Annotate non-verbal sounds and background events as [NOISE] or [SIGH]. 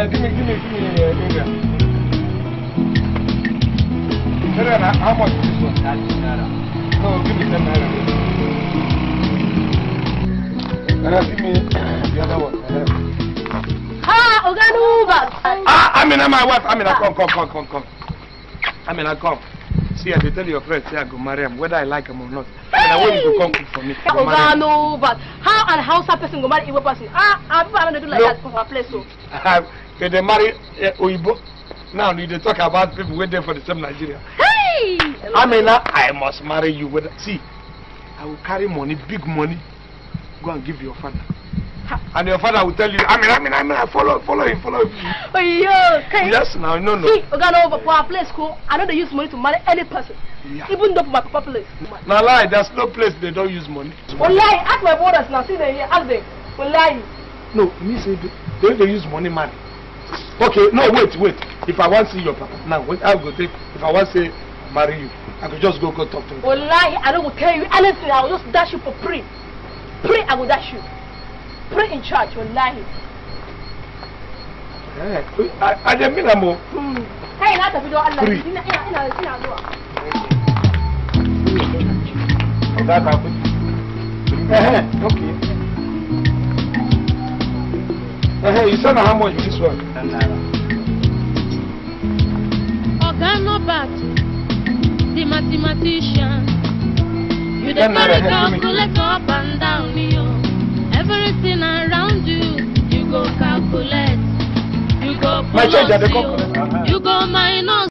Yeah, give me, give me, give me, yeah, ginger. Terana, how much is this one? Thirty naira. No, give me ten naira. Nana, uh, give me the other one. Ah, Oganu Uber. Ah, Amina, my wife. Amina, come, come, come, come, come. Amina, come. See, I will tell your friends, say I go marry him, whether I like him or not. Hey! And I want him to come cook for me. Go marry him. No, but how an Hausa person go marry Igbo person? Ah, I've ah, never do like no. that for a place, oh. so. [LAUGHS] they dey marry eh, oyibo now you talk about people waiting for the same nigeria hey I now i must marry you whether see i will carry money big money go and give your father and your father will tell you I mean, I follow follow him follow him oyo okay. yes now no no see oga over for our place Cool. i know they use money to marry any person yeah. even though for my papa place Now lie there's no place they don't use money lie, ask my brothers now see them here ask them lie. no me say they use money marry okay no wait wait if i wan see your papa now wait how i go take if i wan say marry you i go just go go talk to him. walahi i no go tell you anything i go just dash you for pray pray i go dash you pray in church walahi. Eh, I, I didn't mean I'm Kai na tafi don Allah ina ina ina ina zuwa. Ka ka ku. Eh, okay. Uh-huh, you tell her how much this one. Oga Nobat, the mathematician. You the carry calculate up and down, you. Oh. Everything around you, you go calculate. You go plus, My change oh. at the You go minus.